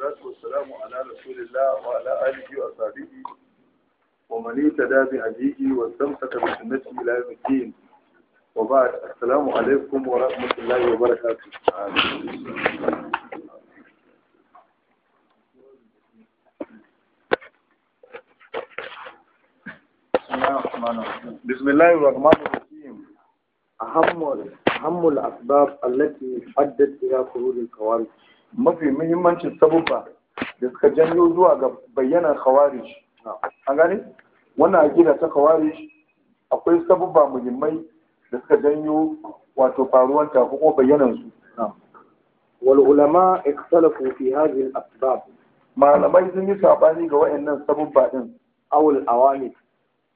والصلاه والسلام على رسول الله وعلى اله وصحبه ومن اهتدى بهديه واستمسك بسنته الى يوم الدين وبعد السلام عليكم ورحمه الله وبركاته تعالى. بسم الله الرحمن الرحيم أهم أهم الأسباب التي أدت إلى خروج الكوارث mafi muhimmancin sabubba da suka janyo zuwa ga bayyanar khawarij an gane wannan aƙida ta khawarij akwai sabubba muhimmai da suka janyo wato faruwar ta ko bayyanar su wal ulama ikhtalafu fi hadhihi al asbab malamai sun yi sabani ga wayannan sabubba din awul awamil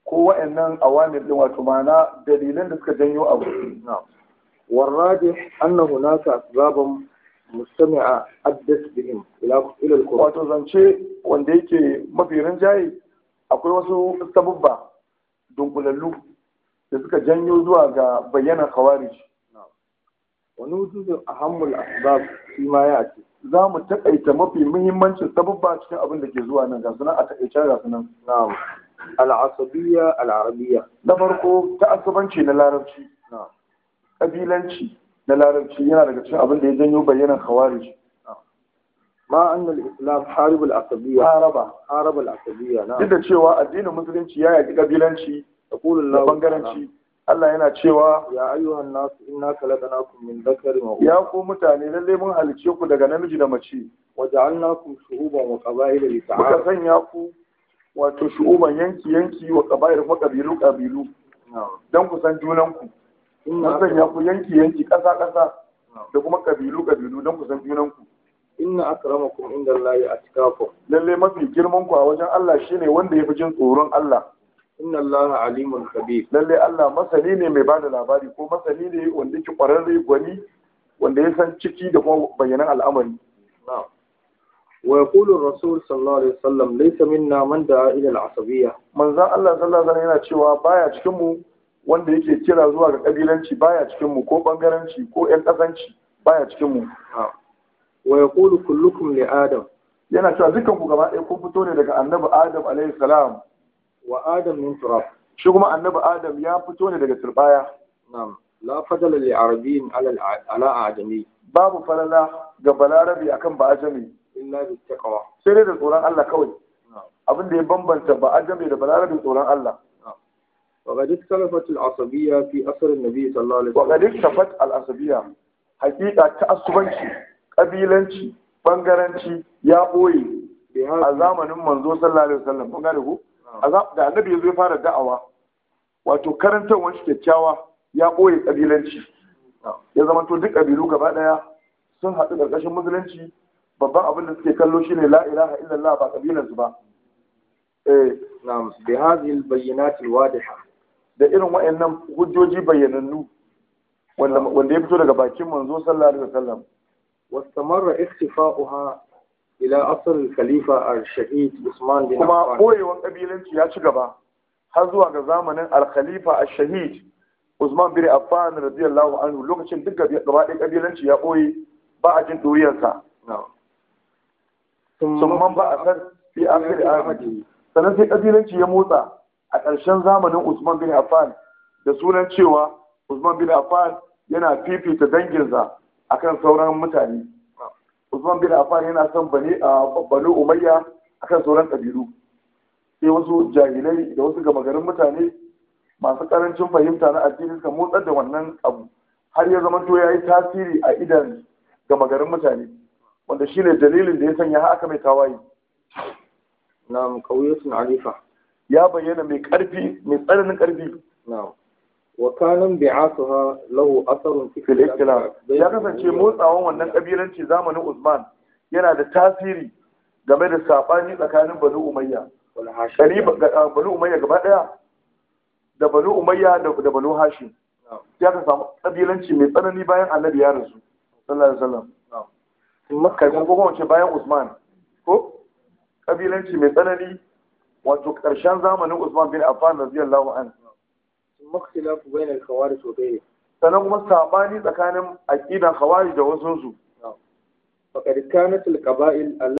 ko wayannan awamil din wato ma'ana dalilan da suka janyo abu na'am والراجح annahu هناك أسباب mustami'a addas bihim ila ilal qur'an wato zance wanda yake mafi jayi. akwai wasu sabubba dunkulallu da suka janyo zuwa ga bayyana khawarij wani wujudin ahammul asbab shi ma ya ce za mu takaita mafi muhimmancin sababba cikin abin da ke zuwa nan ga sunan a takaice ga sunan na'am al'asabiyya al'arabiyya na farko ta ta'assubanci na larabci kabilanci na larabci yana daga cikin abin da ya janyo bayanan khawarij ma annal islam al asabiyya haraba al asabiyya na duk da cewa addinin musulunci ya yaki kabilanci da kullu bangaranci Allah yana cewa ya ayyuhan nas inna khalaqnakum min dhakarin wa ya ku mutane lalle mun halice ku daga namiji da mace wa ja'alnakum shu'uban wa qaba'ila li ta'ala muka sanya ku wato shu'uban yanki yanki wa qaba'il wa qabilu qabilu dan ku san junan ku na sanya ku yanki yanki ƙasa ƙasa da kuma ƙabilu ƙabilu don ku san junanku inna akramakum inda Allahi atqakum lalle mafi girman ku a wajen Allah shine wanda ya fi jin tsoron Allah inna Allaha alimun khabir lalle Allah masani ne mai bada labari ko masani ne wanda yake kwararre gwani wanda ya san ciki da kuma bayanan al'amari na'am wa yaqulu rasul sallallahu alaihi wasallam laysa minna man da'a ila al-asabiyya Allah sallallahu alaihi wasallam yana cewa baya cikin mu wanda yake kira zuwa ga kabilanci baya cikin mu ko bangaranci ko yan kasanci baya cikin mu wa yaqulu kullukum li adam yana cewa dukkan ku gaba ɗaya kun fito ne daga annabi adam alayhi salam wa adam min turab shi kuma annabi adam ya fito ne daga turbaya na'am la fadala li arabiyyin ala adami babu falala ga balarabi akan ba ajami illa bi taqwa sai dai da tsoron Allah kawai abin da ya bambanta ba ajami da balarabi tsoron Allah وقد اختلفت العصبية في أثر النبي صلى الله عليه وسلم وقد اختلفت العصبية حقيقة تأسبنشي قبيلنشي bangaranci ya ɓoye a zamanin manzo sallallahu alaihi wasallam kun gane ko da ya fara da'awa wato karantar shi kyakkyawa ya ɓoye ƙabilanci ya zama to duk ƙabilu gaba ɗaya sun haɗu ƙarƙashin musulunci babban abin da suke kallo shine la ilaha illallah ba ƙabilansu ba eh na'am bi hadhihi al-bayyinat al-wadiha da irin wa'annan hujjoji bayyanannu wanda ya fito daga bakin manzo sallallahu alaihi wasallam واستمر اختفاؤها Khalifa عصر الخليفه Usman bin بن kuma boyewan kabilanci ya ci gaba har zuwa ga zamanin al-khalifa al-shahid Usman bin Affan radiyallahu anhu lokacin duk gaba ɗaya kabilanci ya boye ba a jin ɗuriyarsa sun man ba a san fi akhir ahadi sannan sai kabilanci ya motsa a ƙarshen zamanin Usman bin Affan da sunan cewa Usman bin Affan yana fifita danginsa akan sauran mutane Usman bin Affan yana son bane a Banu Umayya akan sauran kabilu sai wasu jahilai da wasu gama garin mutane masu ƙarancin fahimta na addini suka motsar da wannan abu har ya zama to ya yi tasiri a idan gama garin mutane wanda shine dalilin da ya sanya haka mai tawaye ƙauye sun alifa ya bayyana mai karfi mai tsananin karfi wa kanan bi'asuha lahu asarun fil ikhtilaf ya kasance motsawan wannan kabilanci zamanin Usman yana da tasiri game da sabani tsakanin Banu Umayya Banu Umayya gaba daya da Banu Umayya da Banu Hashim ya ka samu kabilanci mai tsanani bayan Annabi ya rasu sallallahu alaihi wasallam kai ko kuma bayan Usman ko kabilanci mai tsanani wato ƙarshen zamanin Usman bin Affan radiyallahu an makhtilafu bainal khawarij wa ghayrih sannan kuma sabani tsakanin aqidan khawarij da wasu su faqad kanat al qaba'il